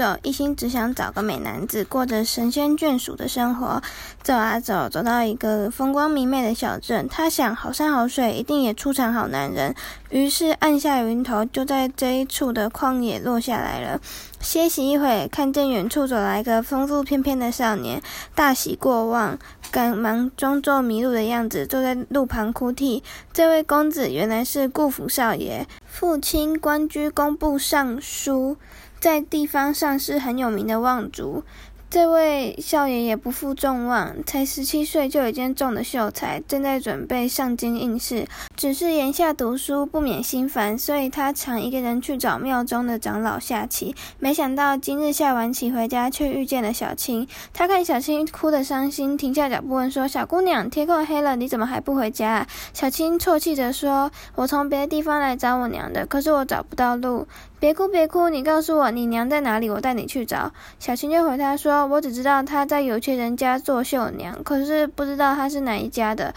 走，一心只想找個美男子，過着神仙眷屬的生活。走啊走，走到一個風光明媚的小鎮。他想，好山好水一定也出產好男人。於是按下雲頭，就在這一處的曠野落下來了。歇息一會兒，看見遠處走來一個風度翩翩的少年，大喜過望，趕忙裝作迷路的樣子，坐在路旁哭泣。這位公子原來是顧府少爺，父親官居工部尚書。在地方上是很有名的望族，這位少爺也不負眾望，才十七歲就已經中了秀才，正在準備上京應試。只是言下讀書不免心煩，所以他常一個人去找廟中的長老下棋。沒想到今日下完棋回家，卻遇見了小青。他看小青哭得傷心，停下腳步問說：“小姑娘，天快黑了，你怎麼還不回家啊？”小青啜泣着說：“我從別的地方來找我娘的，可是我找不到路。”別哭，別哭！你告訴我，你娘在哪裡？我帶你去找。小青就回她說：“我只知道她在有錢人家做繡娘，可是不知道她是哪一家的。”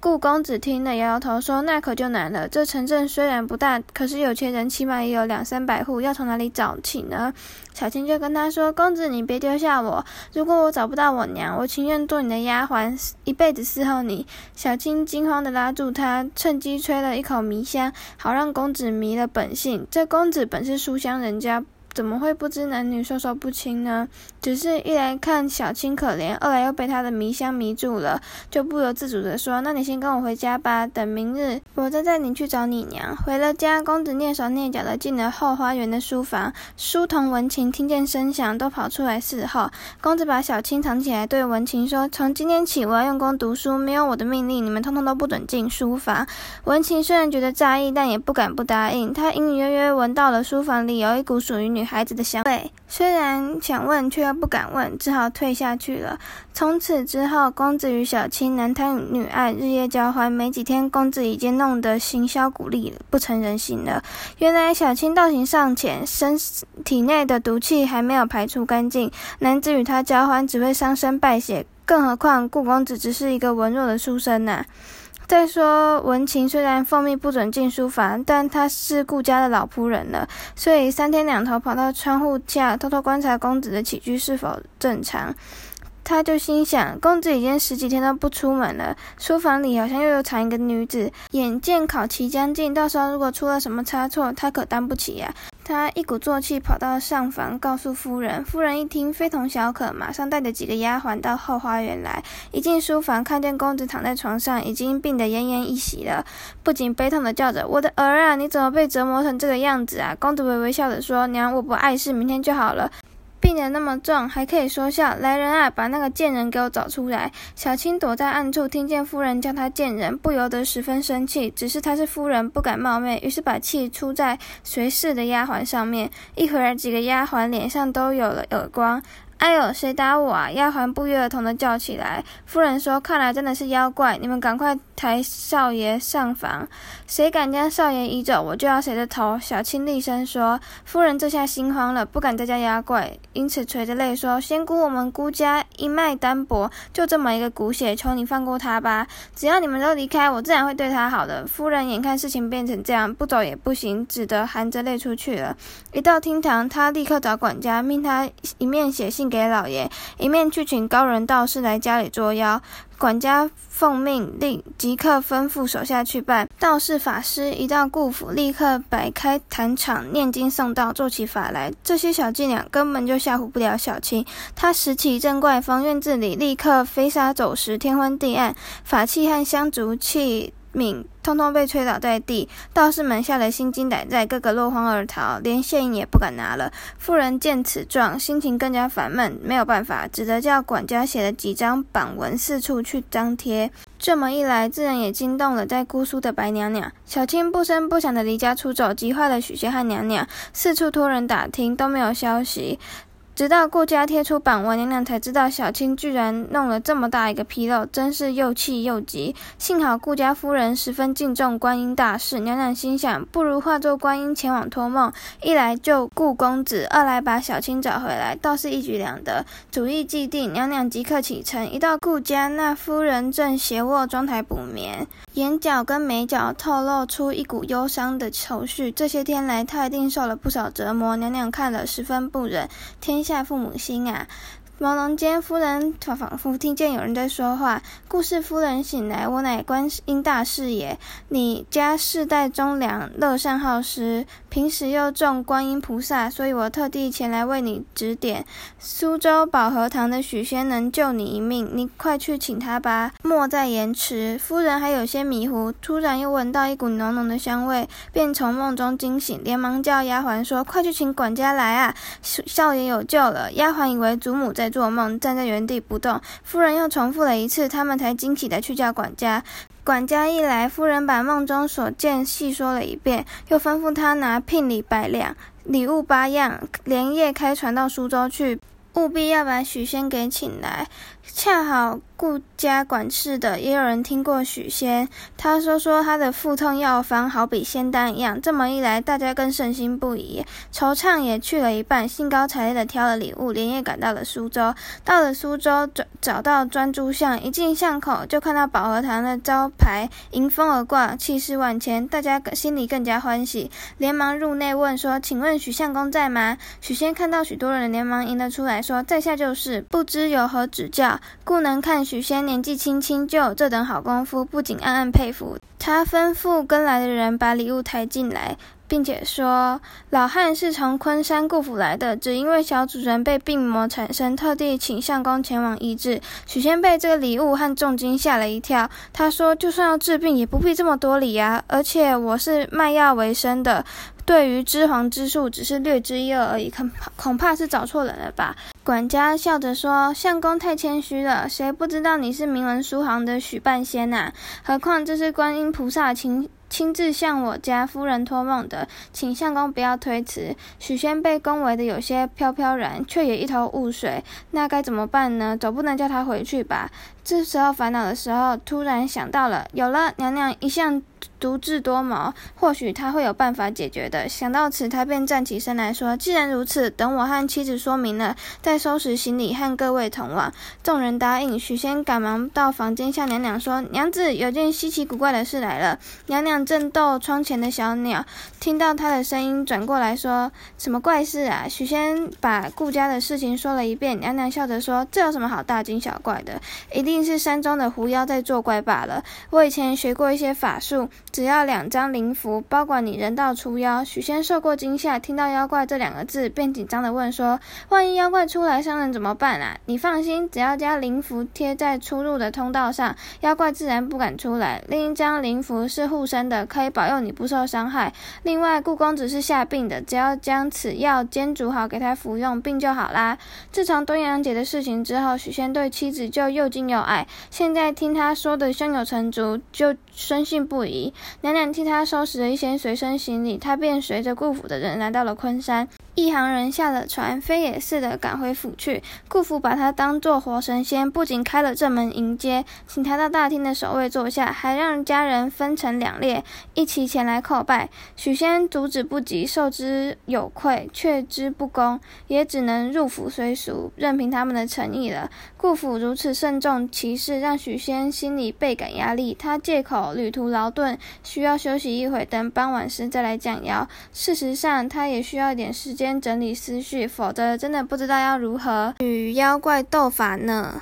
顧公子聽了，搖搖頭，說：“那可就難了。這城鎮雖然不大，可是有錢人起碼也有兩三百戶，要從哪裡找起呢？”小青就跟他說：“公子，你別丟下我。如果我找不到我娘，我情願做你的丫鬟，一輩子伺候你。”小青驚慌地拉住他，趁機吹了一口迷香，好讓公子迷了本性。這公子本是書香人家。怎麼會不知男女授受不親呢？只是一來看小青可憐，二來又被她的迷香迷住了，就不由自主地說：“那你先跟我回家吧，等明日我再帶你去找你娘。”回了家，公子躡手躡腳地進了後花園的書房，書童文琴聽見聲響都跑出來侍候。公子把小青藏起來，對文琴說：“從今天起，我要用功讀書，沒有我的命令，你們通通都不准進書房。”文琴雖然覺得詫異，但也不敢不答應。他隱隱約約聞到了書房裡有一股屬於女。女孩子的香味，雖然想問，卻又不敢問，只好退下去了。從此之後，公子與小青男貪女愛，日夜交歡。沒幾天，公子已經弄得形銷骨立，不成人形了。原來小青道行尚淺，身體內的毒氣還沒有排除乾淨。男子與她交歡，只會傷身敗血，更何況顧公子只是一個文弱的書生呢，啊？再說，文琴雖然奉命不准進書房，但他是顧家的老僕人了，所以三天兩頭跑到窗戶下偷偷觀察公子的起居是否正常。他就心想，公子已經十幾天都不出門了，書房裡好像又有藏一個女子。眼見考期將近，到時候如果出了什麼差錯，他可擔不起呀、啊。他一鼓作氣跑到上房，告訴夫人。夫人一聽，非同小可，馬上帶着幾個丫鬟到後花園來。一進書房，看見公子躺在床上，已經病得奄奄一息了，不禁悲痛地叫着：“我的兒啊，你怎麼被折磨成這個樣子啊？”公子微微笑着說：“娘，我不礙事，明天就好了。”「病得那麼重，還可以說笑？來人啊，把那個賤人給我找出來！」小青躲在暗處，聽見夫人叫她賤人，不由得十分生氣。只是她是夫人，不敢冒昧，於是把氣出在隨侍的丫鬟上面。一會兒，幾個丫鬟臉上都有了耳光。哎呦，誰打我啊！丫鬟不約而同地叫起來。夫人說：“看來真的是妖怪，你們趕快抬少爺上房。誰敢將少爺移走，我就要誰的頭。”小青厲聲說。夫人這下心慌了，不敢再叫妖怪，因此垂着淚說：“仙姑，我們孤家一脈單薄，就這麼一個骨血，求你放過他吧。只要你們都離開，我自然會對他好的。”夫人眼看事情變成這樣，不走也不行，只得含着淚出去了。一到廳堂，他立刻找管家，命他一面寫信，給老爺，一面去請高人道士來家裡捉妖。管家奉命令，即刻吩咐手下去辦。道士法師一到顧府，立刻擺開壇場，念經誦道，做起法來。這些小伎倆根本就嚇唬不了小青。他拾起一陣怪風，院子裡立刻飛沙走石，天昏地暗。法器和香燭器。敏通通被吹倒在地，道士們嚇得心驚膽戰，個個落荒而逃，連現銀也不敢拿了。婦人見此狀，心情更加煩悶，沒有辦法，只得叫管家寫了幾張榜文，四處去張貼。這麼一來，自然也驚動了在姑蘇的白娘娘。小青不聲不響地離家出走，急壞了許仙和娘娘，四處托人打聽，都沒有消息。直到顧家貼出榜文，娘娘才知道小青居然弄了這麼大一個紕漏，真是又氣又急。幸好顧家夫人十分敬重觀音大士，娘娘心想，不如化作觀音前往托夢，一來救顧公子，二來把小青找回來，倒是一舉兩得。主意既定，娘娘即刻啟程。一到顧家，那夫人正斜臥妝台補眠，眼角跟眉角透露出一股憂傷的愁緒。這些天來，她一定受了不少折磨。娘娘看了十分不忍，天下父母心啊！朦朧間，夫人仿佛聽見有人在說話。顧氏夫人醒來，我乃觀音大士也。你家世代忠良，樂善好施。平時又重觀音菩薩，所以我特地前來為你指點。蘇州保和堂的許仙能救你一命，你快去請他吧，莫再延遲。夫人還有些迷糊，突然又聞到一股濃濃的香味，便從夢中驚醒，連忙叫丫鬟說：“快去請管家來啊，少爺有救了。”丫鬟以為祖母在做夢，站在原地不動。夫人又重複了一次，他們才驚喜地去叫管家。管家一來，夫人把夢中所見細說了一遍，又吩咐他拿聘禮百兩，禮物八樣，連夜開船到蘇州去，務必要把許仙給請來。恰好顧家管事的也有人聽過許仙，他說說他的腹痛藥方好比仙丹一樣。這麼一來，大家更深信不疑。惆悵也去了一半，興高采烈的挑了禮物，連夜趕到了蘇州。到了蘇州，找找到專諸巷，一進巷口就看到保和堂的招牌迎風而掛，氣勢萬千。大家心裡更加歡喜，連忙入內問說：“請問許相公在嗎？”許仙看到許多人，連忙迎了出來，說：“在下就是，不知有何指教。”顧能看許仙年紀輕輕就有這等好功夫，不禁暗暗佩服。他吩咐跟來的人把禮物抬進來，並且說：“老漢是從昆山顧府來的，只因為小主人被病魔纏身，特地請相公前往醫治。”許仙被這個禮物和重金嚇了一跳，他說：“就算要治病，也不必這麼多禮啊！而且我是賣藥為生的，對於岐黃之術只是略知一二而已，恐恐怕是找錯人了吧。”管家笑着說：“相公太謙虛了，誰不知道你是名門書行的許半仙吶、啊？何況這是觀音菩薩親親自向我家夫人托夢的，請相公不要推辭。”許仙被恭維得有些飄飄然，卻也一頭霧水，那該怎麼辦呢？總不能叫他回去吧？這時候煩惱的時候，突然想到了，有了，娘娘一向足智多謀，或許她會有辦法解決的。想到此，他便站起身來說：“既然如此，等我和妻子說明了。”在收拾行李和各位同往，眾人答應。許仙趕忙到房間向娘娘說：“娘子，有件稀奇古怪的事來了。”娘娘正逗窗前的小鳥，聽到他的聲音，轉過來說：“什麼怪事啊？”許仙把顧家的事情說了一遍。娘娘笑着說：“這有什麼好大驚小怪的？一定是山中的狐妖在作怪罷了。我以前學過一些法術，只要兩張靈符，包管你人到除妖。”許仙受過驚嚇，聽到“妖怪”這兩個字，便緊張地問說：“萬一妖怪出？”出來傷人怎麼辦啊？你放心，只要將靈符貼在出入的通道上，妖怪自然不敢出來。另一張靈符是護身的，可以保佑你不受傷害。另外，顧公子是下病的，只要將此藥煎煮好給他服用，病就好啦。自從端陽節的事情之後，許仙對妻子就又敬又愛。現在聽他說的胸有成竹，就深信不疑。娘娘替他收拾了一些隨身行李，他便隨着顧府的人來到了昆山。一行人下了船，飛也似的趕回府去。顧府把他當作活神仙，不僅開了正門迎接，請他到大廳的首位坐下，還讓家人分成兩列，一齊前來叩拜。許仙阻止不及，受之有愧，卻之不恭，也只能入府隨俗，任憑他們的誠意了。顧府如此慎重其事，讓許仙心裡倍感壓力。他借口旅途勞頓，需要休息一會，等傍晚時再來降妖。事實上，他也需要一點時間。先整理思緒，否則真的不知道要如何與妖怪鬥法呢。